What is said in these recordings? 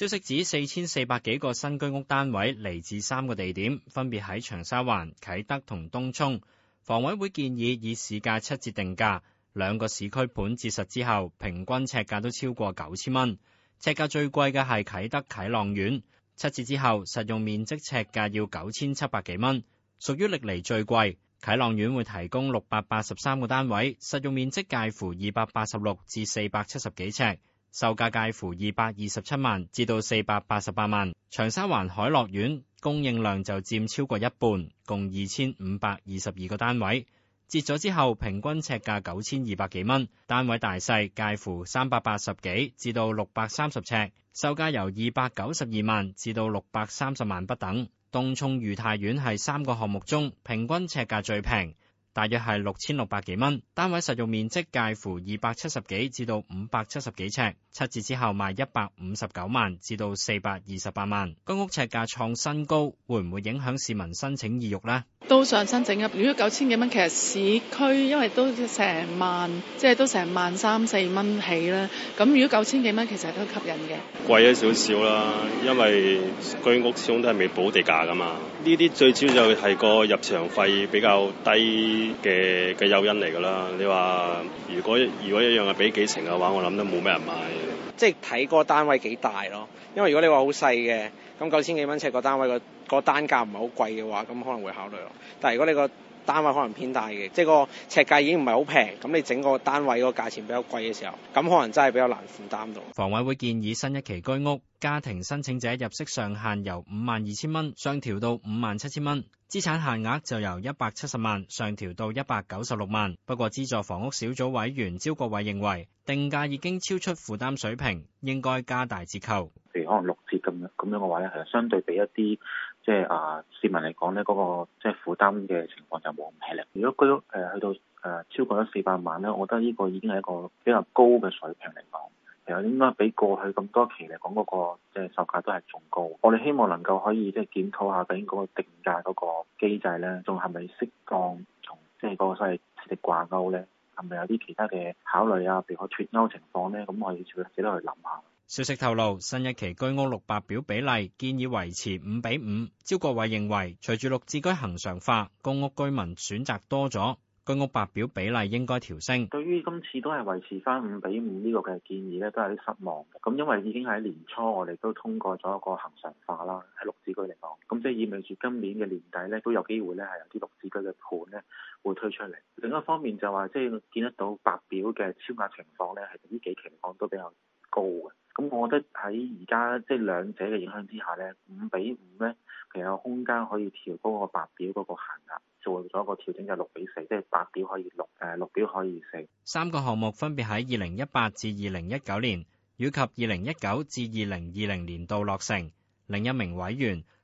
消息指四千四百幾個新居屋單位嚟自三個地點，分別喺長沙灣、啟德同東涌。房委會建議以市價七折定價，兩個市區盤折實之後，平均尺價都超過九千蚊。尺價最貴嘅係啟德啟朗苑，七折之後實用面積尺價要九千七百幾蚊，屬於歷來最貴。啟朗苑會提供六百八十三個單位，實用面積介乎二百八十六至四百七十幾尺。售價介乎二百二十七萬至到四百八十八萬，長沙灣海樂苑供應量就佔超過一半，共二千五百二十二個單位，折咗之後平均尺價九千二百幾蚊，單位大細介乎三百八十幾至到六百三十尺，售價由二百九十二萬至到六百三十萬不等。東涌裕泰苑係三個項目中平均尺價最平。大約係六千六百幾蚊，單位實用面積介乎二百七十幾至到五百七十幾尺，七折之後賣一百五十九萬至到四百二十八萬，居屋尺價創新高，會唔會影響市民申請意欲呢？都上新整嘅，如果九千幾蚊，其實市區因為都成萬，即係都成萬三四蚊起啦。咁如果九千幾蚊，其實都吸引嘅。貴咗少少啦，因為居屋始終都係未補地價噶嘛。呢啲最主要就係個入場費比較低嘅嘅誘因嚟噶啦。你話如果如果一樣係俾幾成嘅話，我諗都冇咩人買。即係睇個單位幾大咯，因為如果你話好細嘅，咁九千幾蚊尺個單位個個單價唔係好貴嘅話，咁可能會考慮咯。但係如果你個。單位可能偏大嘅，即係個呎價已經唔係好平，咁你整個單位個價錢比較貴嘅時候，咁可能真係比較難負擔到。房委會建議新一期居屋家庭申請者入息上限由五萬二千蚊上調到五萬七千蚊，資產限額就由一百七十萬上調到一百九十六萬。不過資助房屋小組委員招國偉認為，定價已經超出負擔水平，應該加大折扣。譬如可能六折咁樣，咁樣嘅話咧，其實相對比一啲。即係啊，市民嚟講咧，嗰個即係負擔嘅情況就冇咁吃力。如果居屋誒去到誒超過咗四百萬咧，我覺得呢個已經係一個比較高嘅水平嚟講，其實應該比過去咁多期嚟講嗰個即係售價都係仲高。我哋希望能夠可以即係檢討下究竟嗰個定價嗰個機制咧，仲係咪適當同即係個所謂市值掛鈎咧，係咪有啲其他嘅考慮啊？譬如話脫鈎情況咧，咁我哋要自己都去諗下。消息透露，新一期居屋綠白表比例建議維持五比五。招國偉認為，隨住綠置居恆常化，公屋居民選擇多咗，居屋白表比例應該調升。對於今次都係維持翻五比五呢個嘅建議咧，都有啲失望。咁因為已經喺年初，我哋都通過咗一個恆常化啦，喺綠置居嚟講，咁即係意味住今年嘅年底咧都有機會咧係有啲綠置居嘅盤咧會推出嚟。另一方面就話即係見得到白表嘅超額情況咧，係呢幾情況都比較高嘅。咁我覺得喺而家即係兩者嘅影響之下咧，五比五咧，其實有空間可以調高個白表嗰個限額，做咗一個調整就六比四，即係白表可以六，誒綠表可以四。三個項目分別喺二零一八至二零一九年，以及二零一九至二零二零年度落成。另一名委員。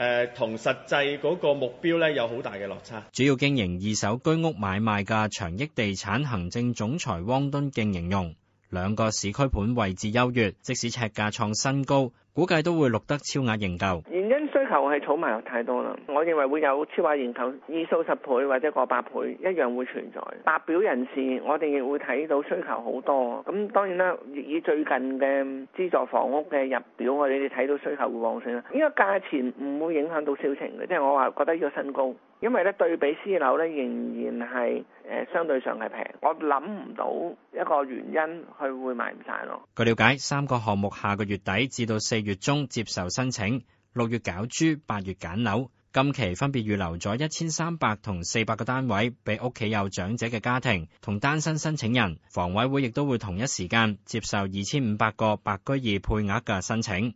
誒、呃、同實際嗰個目標咧有好大嘅落差。主要經營二手居屋買賣嘅長益地產行政總裁汪敦敬形容，兩個市區盤位置優越，即使呎價創新高，估計都會錄得超額認購。需求係儲埋太多啦，我認為會有超買現求，二數十倍或者過百倍一樣會存在。白表人士，我哋亦會睇到需求好多。咁當然啦，以最近嘅資助房屋嘅入表我哋睇到需求會旺盛啦。呢個價錢唔會影響到銷情嘅，即係我話覺得呢個新高，因為咧對比私樓咧仍然係誒相對上係平，我諗唔到一個原因佢會賣唔晒咯。據了解，三個項目下個月底至到四月中接受申請。六月攪珠，八月揀樓。今期分別預留咗一千三百同四百個單位俾屋企有長者嘅家庭同單身申請人，房委會亦都會同一時間接受二千五百個白居二配額嘅申請。